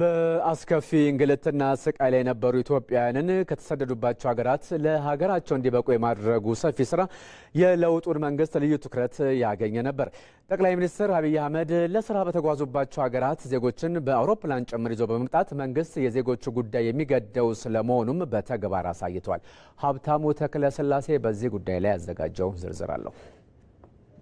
በአስከፊ እንግልትና ስቃይ ላይ የነበሩ ኢትዮጵያውያንን ከተሰደዱባቸው ሀገራት ለሀገራቸው እንዲበቁ የማድረጉ ሰፊ ስራ የለውጡን መንግስት ልዩ ትኩረት ያገኘ ነበር። ጠቅላይ ሚኒስትር አብይ አህመድ ለስራ በተጓዙባቸው ሀገራት ዜጎችን በአውሮፕላን ጭምር ይዞ በመምጣት መንግስት የዜጎቹ ጉዳይ የሚገደው ስለመሆኑም በተግባር አሳይተዋል። ሀብታሙ ተክለስላሴ በዚህ ጉዳይ ላይ ያዘጋጀው ዝርዝር አለው።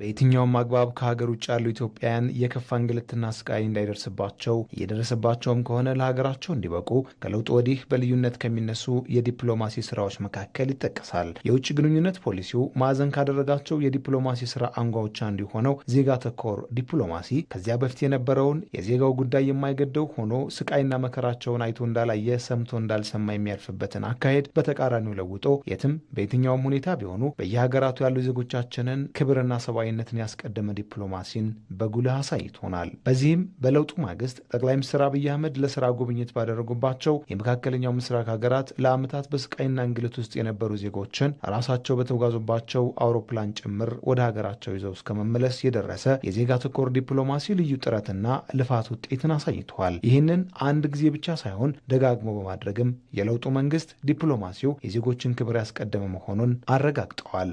በየትኛውም አግባብ ከሀገር ውጭ ያሉ ኢትዮጵያውያን የከፋ እንግልትና ስቃይ እንዳይደርስባቸው እየደረሰባቸውም ከሆነ ለሀገራቸው እንዲበቁ ከለውጥ ወዲህ በልዩነት ከሚነሱ የዲፕሎማሲ ስራዎች መካከል ይጠቀሳል። የውጭ ግንኙነት ፖሊሲው ማዕዘን ካደረጋቸው የዲፕሎማሲ ስራ አንጓዎች አንዱ የሆነው ዜጋ ተኮር ዲፕሎማሲ ከዚያ በፊት የነበረውን የዜጋው ጉዳይ የማይገደው ሆኖ ስቃይና መከራቸውን አይቶ እንዳላየ ሰምቶ እንዳልሰማ የሚያልፍበትን አካሄድ በተቃራኒው ለውጦ የትም በየትኛውም ሁኔታ ቢሆኑ በየሀገራቱ ያሉ ዜጎቻችንን ክብርና ሰብአዊ ተቀባይነትን ያስቀደመ ዲፕሎማሲን በጉልህ አሳይቶናል። በዚህም በለውጡ ማግስት ጠቅላይ ሚኒስትር አብይ አህመድ ለስራ ጉብኝት ባደረጉባቸው የመካከለኛው ምስራቅ ሀገራት ለዓመታት በስቃይና እንግልት ውስጥ የነበሩ ዜጎችን ራሳቸው በተጓዙባቸው አውሮፕላን ጭምር ወደ ሀገራቸው ይዘው እስከመመለስ የደረሰ የዜጋ ተኮር ዲፕሎማሲ ልዩ ጥረትና ልፋት ውጤትን አሳይተዋል። ይህንን አንድ ጊዜ ብቻ ሳይሆን ደጋግሞ በማድረግም የለውጡ መንግስት ዲፕሎማሲው የዜጎችን ክብር ያስቀደመ መሆኑን አረጋግጠዋል።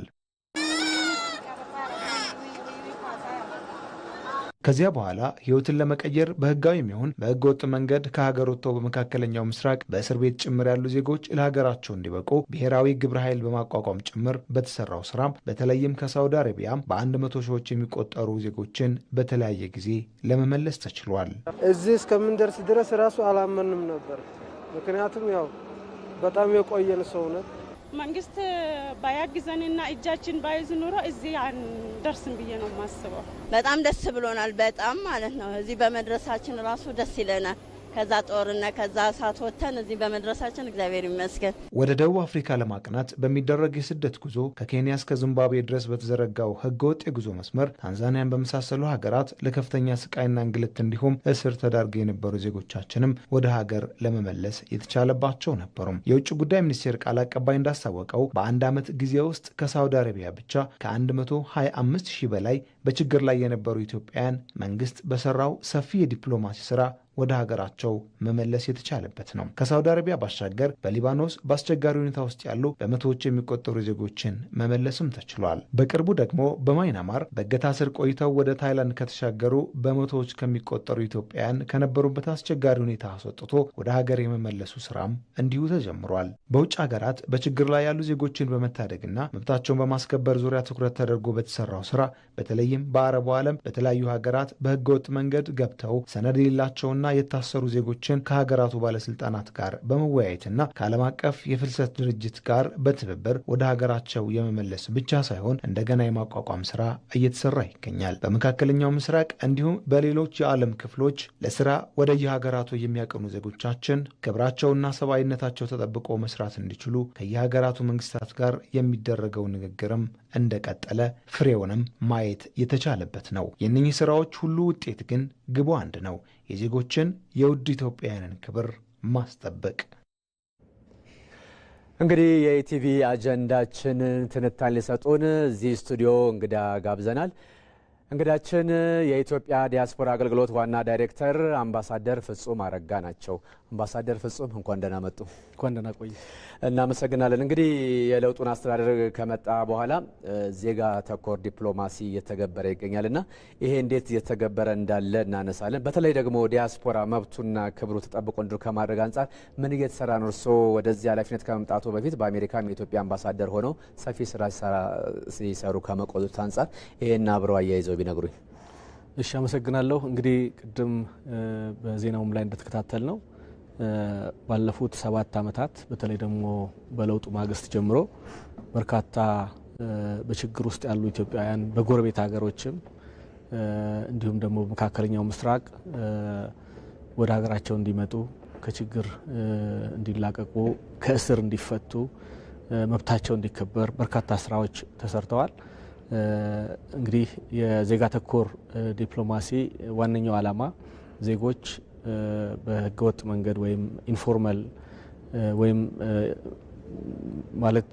ከዚያ በኋላ ህይወትን ለመቀየር በህጋዊ የሚሆን በህገ ወጥ መንገድ ከሀገር ወጥተው በመካከለኛው ምስራቅ በእስር ቤት ጭምር ያሉ ዜጎች ለሀገራቸው እንዲበቁ ብሔራዊ ግብረ ኃይል በማቋቋም ጭምር በተሰራው ስራም በተለይም ከሳውዲ አረቢያም በአንድ መቶ ሺዎች የሚቆጠሩ ዜጎችን በተለያየ ጊዜ ለመመለስ ተችሏል። እዚህ እስከምንደርስ ድረስ ራሱ አላመንም ነበር። ምክንያቱም ያው በጣም የቆየን ሰውነት መንግስት ባያግዘንና እጃችን ባይዝ ኑሮ እዚህ አንደርስም ብዬ ነው የማስበው። በጣም ደስ ብሎናል። በጣም ማለት ነው እዚህ በመድረሳችን ራሱ ደስ ይለናል። ከዛ ጦርና ከዛ እሳት ወጥተን እዚህ በመድረሳችን እግዚአብሔር ይመስገን። ወደ ደቡብ አፍሪካ ለማቅናት በሚደረግ የስደት ጉዞ ከኬንያ እስከ ዚምባብዌ ድረስ በተዘረጋው ህገወጥ የጉዞ መስመር ታንዛኒያን በመሳሰሉ ሀገራት ለከፍተኛ ስቃይና እንግልት እንዲሁም እስር ተዳርገው የነበሩ ዜጎቻችንም ወደ ሀገር ለመመለስ የተቻለባቸው ነበሩም። የውጭ ጉዳይ ሚኒስቴር ቃል አቀባይ እንዳስታወቀው በአንድ ዓመት ጊዜ ውስጥ ከሳውዲ አረቢያ ብቻ ከ125 ሺህ በላይ በችግር ላይ የነበሩ ኢትዮጵያውያን መንግስት በሰራው ሰፊ የዲፕሎማሲ ስራ ወደ ሀገራቸው መመለስ የተቻለበት ነው። ከሳውዲ አረቢያ ባሻገር በሊባኖስ በአስቸጋሪ ሁኔታ ውስጥ ያሉ በመቶዎች የሚቆጠሩ ዜጎችን መመለስም ተችሏል። በቅርቡ ደግሞ በማይናማር በእገታ ስር ቆይተው ወደ ታይላንድ ከተሻገሩ በመቶዎች ከሚቆጠሩ ኢትዮጵያውያን ከነበሩበት አስቸጋሪ ሁኔታ አስወጥቶ ወደ ሀገር የመመለሱ ስራም እንዲሁ ተጀምሯል። በውጭ ሀገራት በችግር ላይ ያሉ ዜጎችን በመታደግና መብታቸውን በማስከበር ዙሪያ ትኩረት ተደርጎ በተሰራው ስራ በተለየ በተለይም በአረቡ ዓለም በተለያዩ ሀገራት በህገወጥ መንገድ ገብተው ሰነድ የሌላቸውና የታሰሩ ዜጎችን ከሀገራቱ ባለስልጣናት ጋር በመወያየትና ከዓለም አቀፍ የፍልሰት ድርጅት ጋር በትብብር ወደ ሀገራቸው የመመለስ ብቻ ሳይሆን እንደገና የማቋቋም ስራ እየተሰራ ይገኛል። በመካከለኛው ምስራቅ እንዲሁም በሌሎች የዓለም ክፍሎች ለስራ ወደ የሀገራቱ የሚያቀኑ ዜጎቻችን ክብራቸውና ሰብአዊነታቸው ተጠብቆ መስራት እንዲችሉ ከየሀገራቱ መንግስታት ጋር የሚደረገው ንግግርም እንደቀጠለ ፍሬውንም ማየት የተቻለበት ነው። የእነኚህ ስራዎች ሁሉ ውጤት ግን ግቡ አንድ ነው፣ የዜጎችን የውድ ኢትዮጵያውያንን ክብር ማስጠበቅ። እንግዲህ የኢቲቪ አጀንዳችንን ትንታኔ ሊሰጡን እዚህ ስቱዲዮ እንግዳ ጋብዘናል። እንግዳችን የኢትዮጵያ ዲያስፖራ አገልግሎት ዋና ዳይሬክተር አምባሳደር ፍጹም አረጋ ናቸው። አምባሳደር ፍጹም እንኳን ደህና መጡ። እንኳን ደህና እናመሰግናለን። እንግዲህ የለውጡን አስተዳደር ከመጣ በኋላ ዜጋ ተኮር ዲፕሎማሲ እየተገበረ ይገኛል እና ይሄ እንዴት እየተገበረ እንዳለ እናነሳለን። በተለይ ደግሞ ዲያስፖራ መብቱና ክብሩ ተጠብቆ እንዲሁ ከማድረግ አንጻር ምን እየተሰራ ነው? እርሶ ወደዚህ ኃላፊነት ከመምጣቱ በፊት በአሜሪካም የኢትዮጵያ አምባሳደር ሆነው ሰፊ ስራ ሲሰሩ ከመቆየት አንጻር ይሄን አብረው አያይዘው ቢነግሩኝ። እሺ፣ አመሰግናለሁ። እንግዲህ ቅድም በዜናውም ላይ እንደተከታተል ነው ባለፉት ሰባት አመታት በተለይ ደግሞ በለውጡ ማግስት ጀምሮ በርካታ በችግር ውስጥ ያሉ ኢትዮጵያውያን በጎረቤት ሀገሮችም እንዲሁም ደግሞ በመካከለኛው ምስራቅ ወደ ሀገራቸው እንዲመጡ ከችግር እንዲላቀቁ ከእስር እንዲፈቱ መብታቸው እንዲከበር በርካታ ስራዎች ተሰርተዋል። እንግዲህ የዜጋ ተኮር ዲፕሎማሲ ዋነኛው ዓላማ ዜጎች በህገወጥ መንገድ ወይም ኢንፎርመል ወይም ማለት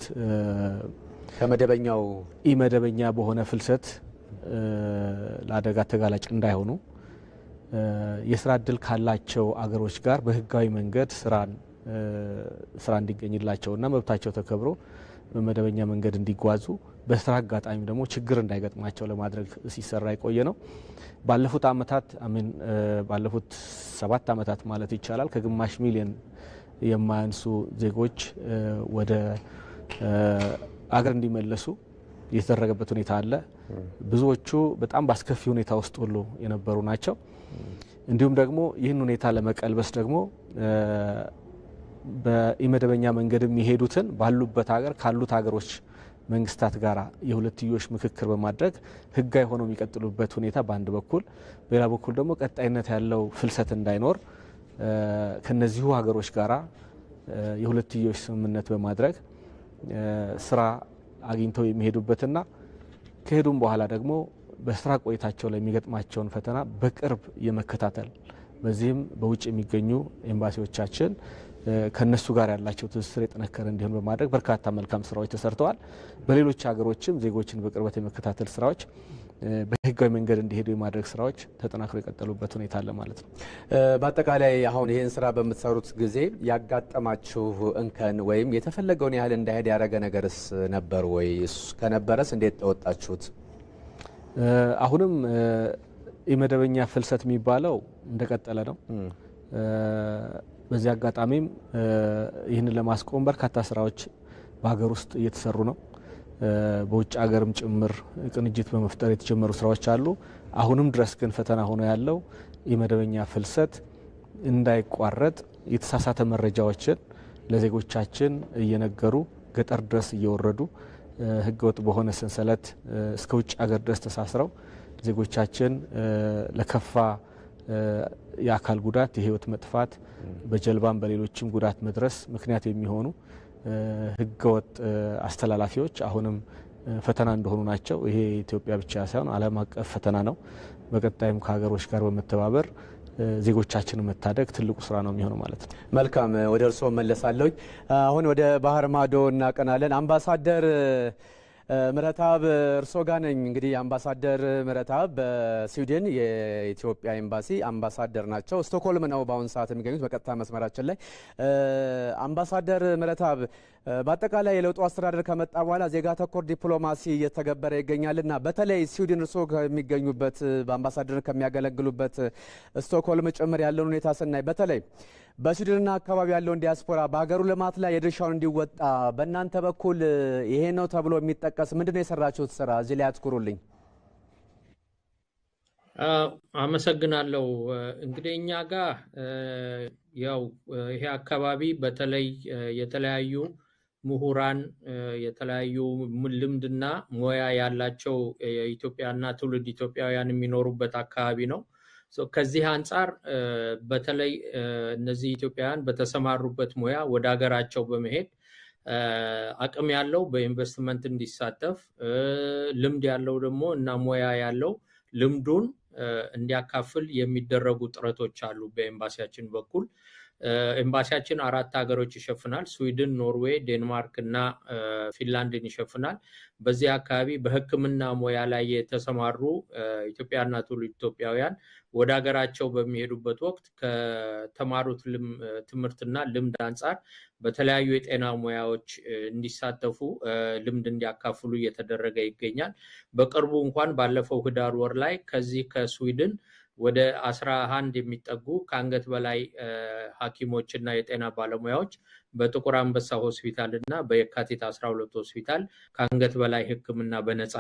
ከመደበኛው ኢመደበኛ በሆነ ፍልሰት ለአደጋ ተጋላጭ እንዳይሆኑ የስራ እድል ካላቸው አገሮች ጋር በህጋዊ መንገድ ስራ እንዲገኝላቸውና መብታቸው ተከብሮ በመደበኛ መንገድ እንዲጓዙ በስራ አጋጣሚ ደግሞ ችግር እንዳይገጥማቸው ለማድረግ ሲሰራ የቆየ ነው። ባለፉት አመታት አሚን ባለፉት ሰባት አመታት ማለት ይቻላል ከግማሽ ሚሊዮን የማያንሱ ዜጎች ወደ አገር እንዲመለሱ የተደረገበት ሁኔታ አለ። ብዙዎቹ በጣም በአስከፊ ሁኔታ ውስጥ ሁሉ የነበሩ ናቸው። እንዲሁም ደግሞ ይህን ሁኔታ ለመቀልበስ ደግሞ በኢመደበኛ መንገድ የሚሄዱትን ባሉበት ሀገር ካሉት ሀገሮች መንግስታት ጋር የሁለትዮሽ ምክክር በማድረግ ህጋዊ ሆነው የሚቀጥሉበት ሁኔታ በአንድ በኩል፣ በሌላ በኩል ደግሞ ቀጣይነት ያለው ፍልሰት እንዳይኖር ከነዚሁ ሀገሮች ጋራ የሁለትዮሽ ስምምነት በማድረግ ስራ አግኝተው የሚሄዱበትና ከሄዱም በኋላ ደግሞ በስራ ቆይታቸው ላይ የሚገጥማቸውን ፈተና በቅርብ የመከታተል በዚህም በውጭ የሚገኙ ኤምባሲዎቻችን ከነሱ ጋር ያላቸው ትስስር የጠነከረ እንዲሆን በማድረግ በርካታ መልካም ስራዎች ተሰርተዋል። በሌሎች ሀገሮችም ዜጎችን በቅርበት የመከታተል ስራዎች በህጋዊ መንገድ እንዲሄዱ የማድረግ ስራዎች ተጠናክሮ የቀጠሉበት ሁኔታ አለ ማለት ነው። በአጠቃላይ አሁን ይህን ስራ በምትሰሩት ጊዜ ያጋጠማችሁ እንከን ወይም የተፈለገውን ያህል እንዳይሄድ ያደረገ ነገርስ ነበር ወይ? ከነበረስ እንዴት ተወጣችሁት? አሁንም የመደበኛ ፍልሰት የሚባለው እንደቀጠለ ነው። በዚህ አጋጣሚም ይህንን ለማስቆም በርካታ ስራዎች በሀገር ውስጥ እየተሰሩ ነው። በውጭ ሀገርም ጭምር ቅንጅት በመፍጠር የተጀመሩ ስራዎች አሉ። አሁንም ድረስ ግን ፈተና ሆኖ ያለው የመደበኛ ፍልሰት እንዳይቋረጥ የተሳሳተ መረጃዎችን ለዜጎቻችን እየነገሩ ገጠር ድረስ እየወረዱ ህገወጥ በሆነ ሰንሰለት እስከ ውጭ ሀገር ድረስ ተሳስረው ዜጎቻችን ለከፋ የአካል ጉዳት፣ የህይወት መጥፋት፣ በጀልባም በሌሎችም ጉዳት መድረስ ምክንያት የሚሆኑ ህገወጥ አስተላላፊዎች አሁንም ፈተና እንደሆኑ ናቸው። ይሄ ኢትዮጵያ ብቻ ሳይሆን ዓለም አቀፍ ፈተና ነው። በቀጣይም ከሀገሮች ጋር በመተባበር ዜጎቻችንን መታደግ ትልቁ ስራ ነው የሚሆነው ማለት ነው። መልካም ወደ እርስዎ መለሳለሁ። አሁን ወደ ባህር ማዶ እናቀናለን አምባሳደር ምረታብ እርሶ ጋ ነኝ። እንግዲህ አምባሳደር ምረታብ በስዊድን የኢትዮጵያ ኤምባሲ አምባሳደር ናቸው። ስቶክሆልም ነው በአሁኑ ሰዓት የሚገኙት በቀጥታ መስመራችን ላይ። አምባሳደር ምረታብ በአጠቃላይ የለውጡ አስተዳደር ከመጣ በኋላ ዜጋ ተኮር ዲፕሎማሲ እየተገበረ ይገኛልና በተለይ ስዊድን እርሶ ከሚገኙበት በአምባሳደር ከሚያገለግሉበት ስቶክሆልም ጭምር ያለውን ሁኔታ ስናይ በተለይ በስዊድንና አካባቢ ያለውን ዲያስፖራ በሀገሩ ልማት ላይ የድርሻውን እንዲወጣ በእናንተ በኩል ይሄ ነው ተብሎ የሚጠቀስ ምንድን ነው የሰራችሁት ስራ? እዚህ ላይ አትኩሩልኝ። አመሰግናለሁ። እንግዲህ እኛ ጋር ያው ይሄ አካባቢ በተለይ የተለያዩ ምሁራን የተለያዩ ልምድና ሙያ ያላቸው የኢትዮጵያና ትውልድ ኢትዮጵያውያን የሚኖሩበት አካባቢ ነው። ከዚህ አንጻር በተለይ እነዚህ ኢትዮጵያውያን በተሰማሩበት ሙያ ወደ ሀገራቸው በመሄድ አቅም ያለው በኢንቨስትመንት እንዲሳተፍ ልምድ ያለው ደግሞ እና ሙያ ያለው ልምዱን እንዲያካፍል የሚደረጉ ጥረቶች አሉ በኤምባሲያችን በኩል። ኤምባሲያችን አራት ሀገሮች ይሸፍናል። ስዊድን፣ ኖርዌይ፣ ዴንማርክ እና ፊንላንድን ይሸፍናል። በዚህ አካባቢ በሕክምና ሙያ ላይ የተሰማሩ ኢትዮጵያና ትውልደ ኢትዮጵያውያን ወደ ሀገራቸው በሚሄዱበት ወቅት ከተማሩት ትምህርትና ልምድ አንጻር በተለያዩ የጤና ሙያዎች እንዲሳተፉ ልምድ እንዲያካፍሉ እየተደረገ ይገኛል። በቅርቡ እንኳን ባለፈው ህዳር ወር ላይ ከዚህ ከስዊድን ወደ አስራ አንድ የሚጠጉ ከአንገት በላይ ሐኪሞች እና የጤና ባለሙያዎች በጥቁር አንበሳ ሆስፒታል እና በየካቲት 12 ሆስፒታል ከአንገት በላይ ሕክምና በነፃ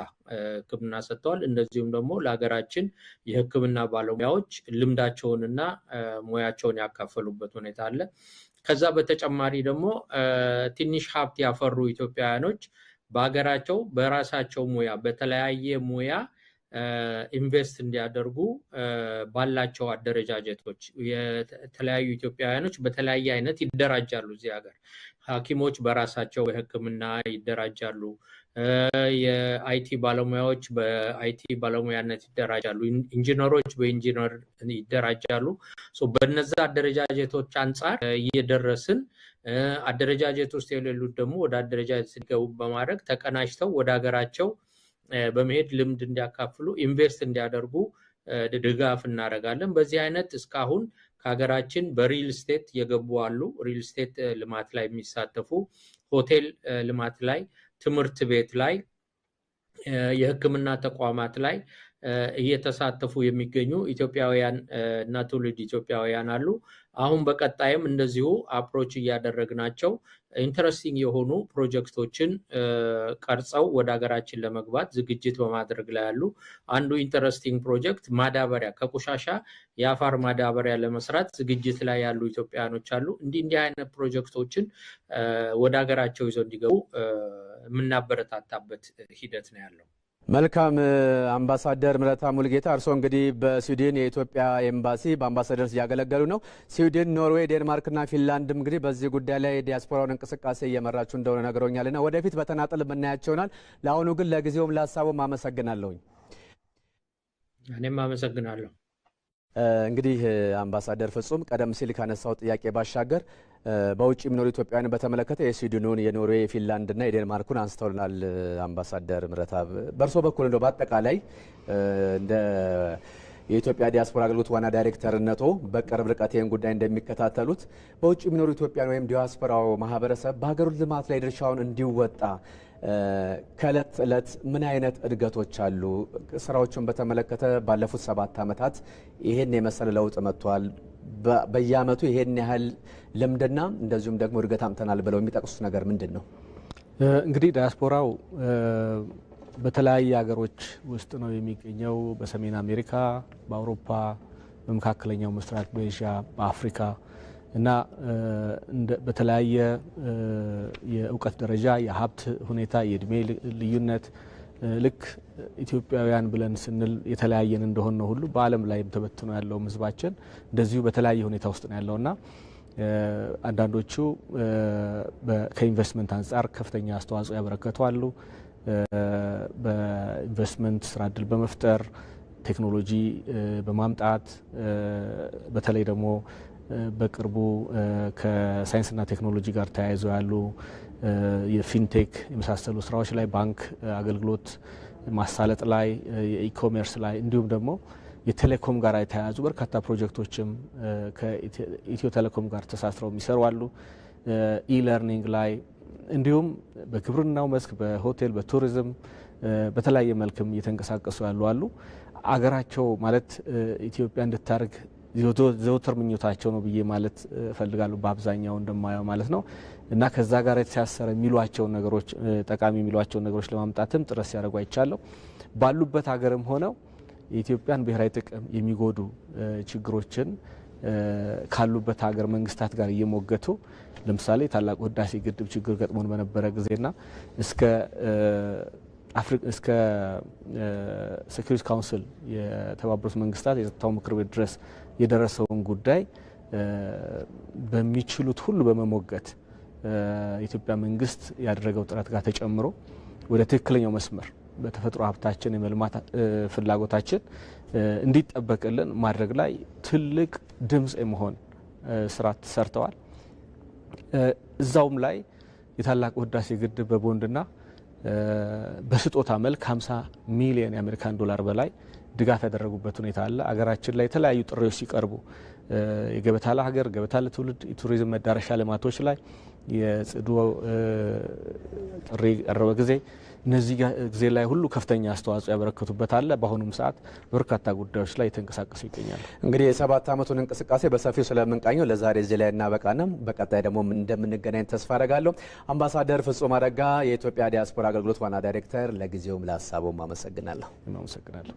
ሕክምና ሰጥተዋል። እንደዚሁም ደግሞ ለሀገራችን የሕክምና ባለሙያዎች ልምዳቸውንና ሙያቸውን ያካፈሉበት ሁኔታ አለ። ከዛ በተጨማሪ ደግሞ ትንሽ ሀብት ያፈሩ ኢትዮጵያውያኖች በሀገራቸው በራሳቸው ሙያ በተለያየ ሙያ ኢንቨስት እንዲያደርጉ ባላቸው አደረጃጀቶች የተለያዩ ኢትዮጵያውያኖች በተለያየ አይነት ይደራጃሉ። እዚህ ሀገር ሐኪሞች በራሳቸው በሕክምና ይደራጃሉ። የአይቲ ባለሙያዎች በአይቲ ባለሙያነት ይደራጃሉ። ኢንጂነሮች በኢንጂነር ይደራጃሉ። በነዛ አደረጃጀቶች አንጻር እየደረስን አደረጃጀት ውስጥ የሌሉት ደግሞ ወደ አደረጃጀት ሲገቡ በማድረግ ተቀናጅተው ወደ ሀገራቸው በመሄድ ልምድ እንዲያካፍሉ ኢንቨስት እንዲያደርጉ ድጋፍ እናደርጋለን። በዚህ አይነት እስካሁን ከሀገራችን በሪል ስቴት የገቡ አሉ። ሪል ስቴት ልማት ላይ የሚሳተፉ ሆቴል ልማት ላይ፣ ትምህርት ቤት ላይ፣ የሕክምና ተቋማት ላይ እየተሳተፉ የሚገኙ ኢትዮጵያውያን እና ትውልድ ኢትዮጵያውያን አሉ። አሁን በቀጣይም እንደዚሁ አፕሮች እያደረግናቸው ኢንተረስቲንግ የሆኑ ፕሮጀክቶችን ቀርጸው ወደ ሀገራችን ለመግባት ዝግጅት በማድረግ ላይ ያሉ። አንዱ ኢንተረስቲንግ ፕሮጀክት ማዳበሪያ ከቆሻሻ የአፈር ማዳበሪያ ለመስራት ዝግጅት ላይ ያሉ ኢትዮጵያውያኖች አሉ። እንዲህ እንዲህ አይነት ፕሮጀክቶችን ወደ ሀገራቸው ይዘው እንዲገቡ የምናበረታታበት ሂደት ነው ያለው። መልካም አምባሳደር ምረታ ሙልጌታ እርስዎ እንግዲህ በስዊድን የኢትዮጵያ ኤምባሲ በአምባሳደር እያገለገሉ ነው። ስዊድን፣ ኖርዌይ፣ ዴንማርክና ፊንላንድም እንግዲህ በዚህ ጉዳይ ላይ ዲያስፖራውን እንቅስቃሴ እየመራችሁ እንደሆነ ነግረውኛልና ወደፊት በተናጠል የምናያቸው ይሆናል። ለአሁኑ ግን ለጊዜውም ለሀሳቡም አመሰግናለሁኝ። እኔም አመሰግናለሁ። እንግዲህ አምባሳደር ፍጹም ቀደም ሲል ካነሳው ጥያቄ ባሻገር በውጭ የሚኖሩ ኢትዮጵያውያን በተመለከተ የስዊድኑን፣ የኖርዌይ፣ የፊንላንድና የዴንማርኩን አንስተውልናል አምባሳደር ምረታብ። በእርሶ በኩል እንደው በአጠቃላይ እንደ የኢትዮጵያ ዲያስፖራ አገልግሎት ዋና ዳይሬክተርነቶ በቅርብ ርቀት ይህን ጉዳይ እንደሚከታተሉት በውጭ የሚኖሩ ኢትዮጵያን ወይም ዲያስፖራው ማህበረሰብ በሀገሩ ልማት ላይ ድርሻውን እንዲወጣ ከእለት እለት ምን አይነት እድገቶች አሉ? ስራዎቹን በተመለከተ ባለፉት ሰባት ዓመታት ይህን የመሰለ ለውጥ መጥቷል። በየአመቱ ይሄን ያህል ልምድና እንደዚሁም ደግሞ እድገት አምተናል ብለው የሚጠቅሱት ነገር ምንድን ነው? እንግዲህ ዳያስፖራው በተለያየ ሀገሮች ውስጥ ነው የሚገኘው። በሰሜን አሜሪካ፣ በአውሮፓ፣ በመካከለኛው ምስራቅ፣ በኤዥያ፣ በአፍሪካ እና በተለያየ የእውቀት ደረጃ፣ የሀብት ሁኔታ፣ የእድሜ ልዩነት ልክ ኢትዮጵያውያን ብለን ስንል የተለያየን እንደሆን ነው ሁሉ በዓለም ላይም ተበትኖ ያለውም ህዝባችን እንደዚሁ በተለያየ ሁኔታ ውስጥ ነው ያለውና አንዳንዶቹ ከኢንቨስትመንት አንጻር ከፍተኛ አስተዋጽኦ ያበረከቱ አሉ። በኢንቨስትመንት ስራ እድል በመፍጠር ቴክኖሎጂ በማምጣት በተለይ ደግሞ በቅርቡ ከሳይንስና ቴክኖሎጂ ጋር ተያይዘው ያሉ የፊንቴክ የመሳሰሉ ስራዎች ላይ ባንክ አገልግሎት ማሳለጥ ላይ የኢኮሜርስ ላይ እንዲሁም ደግሞ የቴሌኮም ጋር የተያያዙ በርካታ ፕሮጀክቶችም ከኢትዮ ቴሌኮም ጋር ተሳስረው የሚሰሩ አሉ። ኢለርኒንግ ላይ እንዲሁም በግብርናው መስክ፣ በሆቴል፣ በቱሪዝም በተለያየ መልክም እየተንቀሳቀሱ ያሉ አሉ። አገራቸው ማለት ኢትዮጵያ እንድታርግ ዘወትር ምኞታቸው ነው ብዬ ማለት እፈልጋለሁ። በአብዛኛው እንደማየው ማለት ነው። እና ከዛ ጋር የተሳሰረ የሚሏቸው ነገሮች ጠቃሚ የሚሏቸው ነገሮች ለማምጣትም ጥረት ሲያደርጉ አይቻለሁ። ባሉበት ሀገርም ሆነው የኢትዮጵያን ብሔራዊ ጥቅም የሚጎዱ ችግሮችን ካሉበት ሀገር መንግስታት ጋር እየሞገቱ ለምሳሌ ታላቁ ህዳሴ ግድብ ችግር ገጥሞን በነበረ ጊዜና እስከ እስከ ሴኪሪቲ ካውንስል የተባበሩት መንግስታት የጸጥታው ምክር ቤት ድረስ የደረሰውን ጉዳይ በሚችሉት ሁሉ በመሞገት የኢትዮጵያ መንግስት ያደረገው ጥረት ጋር ተጨምሮ ወደ ትክክለኛው መስመር በተፈጥሮ ሀብታችን የመልማት ፍላጎታችን እንዲጠበቅልን ማድረግ ላይ ትልቅ ድምፅ የመሆን ስራ ተሰርተዋል። እዛውም ላይ የታላቁ ህዳሴ ግድብ በቦንድና በስጦታ መልክ 50 ሚሊዮን የአሜሪካን ዶላር በላይ ድጋፍ ያደረጉበት ሁኔታ አለ። አገራችን ላይ የተለያዩ ጥሪዎች ሲቀርቡ የገበታ ለሀገር ገበታ ለትውልድ የቱሪዝም መዳረሻ ልማቶች ላይ የጽዱ ጥሪ ቀረበ ጊዜ እነዚህ ጊዜ ላይ ሁሉ ከፍተኛ አስተዋጽኦ ያበረከቱበት አለ። በአሁኑም ሰዓት በርካታ ጉዳዮች ላይ የተንቀሳቀሱ ይገኛሉ። እንግዲህ የሰባት ዓመቱን እንቅስቃሴ በሰፊው ስለምንቃኘው ለዛሬ እዚህ ላይ እናበቃንም። በቀጣይ ደግሞ እንደምንገናኝ ተስፋ አረጋለሁ። አምባሳደር ፍጹም አረጋ የኢትዮጵያ ዲያስፖራ አገልግሎት ዋና ዳይሬክተር፣ ለጊዜውም ለሀሳቡም አመሰግናለሁ። አመሰግናለሁ።